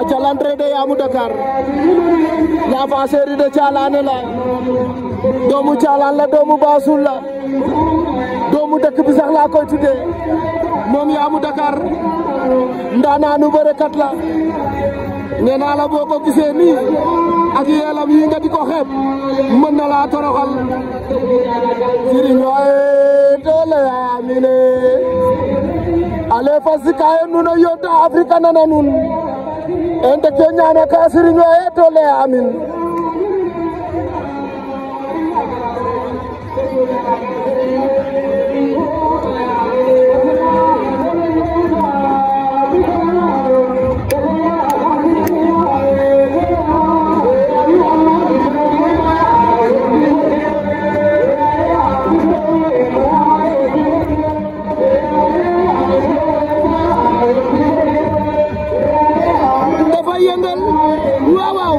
a jalandrede yamu dakar ñafa seride calane la doomu calan la doomu basul la doomu dëkk bi sax laa koy tuddee moom yaamu dakar nu bërekat la nee naa la boo ko gisee nii ak ya yeelam yi nga di ko xeeb na laa toroxal jiriñ waaye doole yaamine ale fasikaye nuno yodda afrika nana nun en dekte a ka waaye to leya amin yëngal waaw waaw